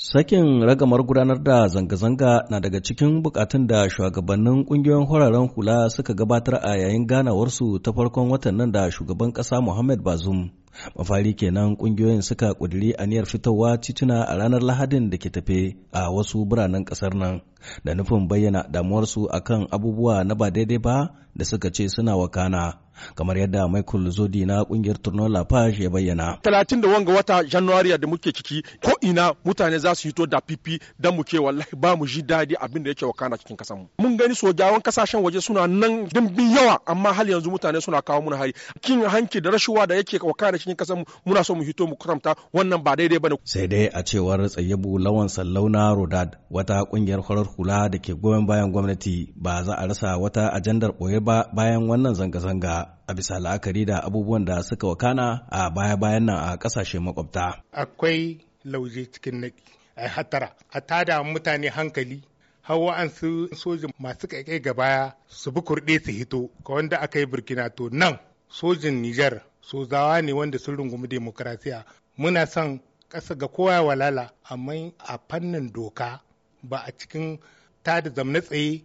Sakin ragamar gudanar da zanga-zanga na daga cikin bukatun da shugabannin kungiyoyin hararen hula suka gabatar a yayin ganawarsu ta farkon watan nan da shugaban ƙasa Muhammad Bazoum mafari kenan kungiyoyin suka kuduri aniyar fitowa tituna a ranar lahadin da ke tafe a wasu biranen kasar nan da nufin bayyana damuwarsu akan abubuwa na ba daidai ba da suka ce suna wakana kamar yadda michael zodi na kungiyar turno lafage ya bayyana talatin da wanga wata januariya da muke ciki ko ina mutane za su hito da pipi dan mu wallahi ba mu ji daɗi abin da yake wakana cikin kasar mu mun gani sojawan kasashen waje suna nan dimbin yawa amma hal yanzu mutane suna kawo mun hari kin hanki da rashuwa da yake wakana cikin kasar mu muna so mu hito mu kuramta wannan ba daidai bane sai dai a cewar tsayyabu lawan sallauna rodad wata kungiyar farar hula da ke goyon bayan gwamnati ba za a rasa wata ajandar boye ba bayan wannan zanga-zanga a bisa la'akari da abubuwan da suka wakana a baya-bayan nan a kasashe makwabta akwai lauje cikin naki a hatara a tada mutane hankali hawa an su sojin masu kai ga baya su bi kurɗe su hito ga wanda aka yi burkina to nan sojin nijar sozawa ne wanda sun rungumi demokrasiya muna son ƙasa ga kowa walala amma a fannin doka ba a cikin ta da zamna tsaye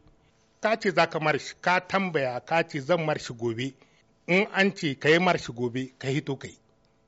ka ce za ka marshi ka tambaya ka ce zan marshi gobe in an ce ka yi marshi gobe ka hito kai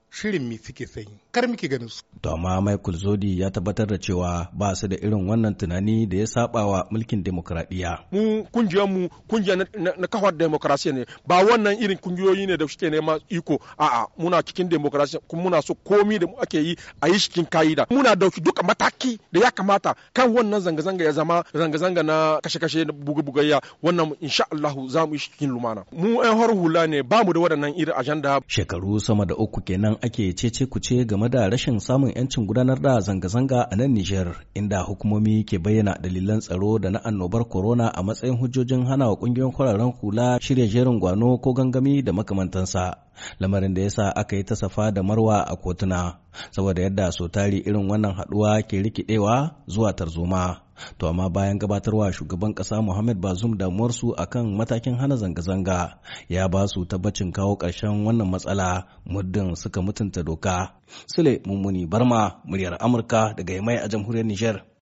shirin mi suke sanyi kar muke ganin su. To amma Michael Zodi ya tabbatar da cewa ba su da irin wannan tunani da ya saba wa mulkin demokradiyya. Mu kungiyar mu kungiya na kafar demokrasiya ne ba wannan irin kungiyoyi ne da suke nema iko a'a muna cikin demokrasiya kuma muna so komi da ake yi a yi cikin ka'ida. Muna dauki duka mataki da ya kamata kan wannan zanga-zanga ya zama zanga-zanga na kashe-kashe na bugu-bugayya wannan insha Allahu za mu yi cikin lumana. Mu 'yan har hula ne ba mu da waɗannan irin ajanda. Shekaru sama da uku kenan ake cece kuce game da rashin samun 'yancin gudanar da zanga-zanga a nan Nijar, inda hukumomi ke bayyana dalilan tsaro da na annobar corona a matsayin hujjojin hana wa kungiyoyin kwararren hula shirya jerin gwano ko gangami da makamantansa, lamarin da yasa aka yi ta safa da marwa a kotuna. saboda yadda so tari irin wannan haduwa ke rikidewa zuwa tarzoma to amma bayan gabatarwa shugaban kasa Muhammad Bazoum damuwarsu akan matakin hana zanga-zanga ya ba su tabbacin kawo ƙarshen wannan matsala muddin suka mutunta doka Sule Mummuni Barma muryar Amurka daga Yamai a jamhuriyar Niger.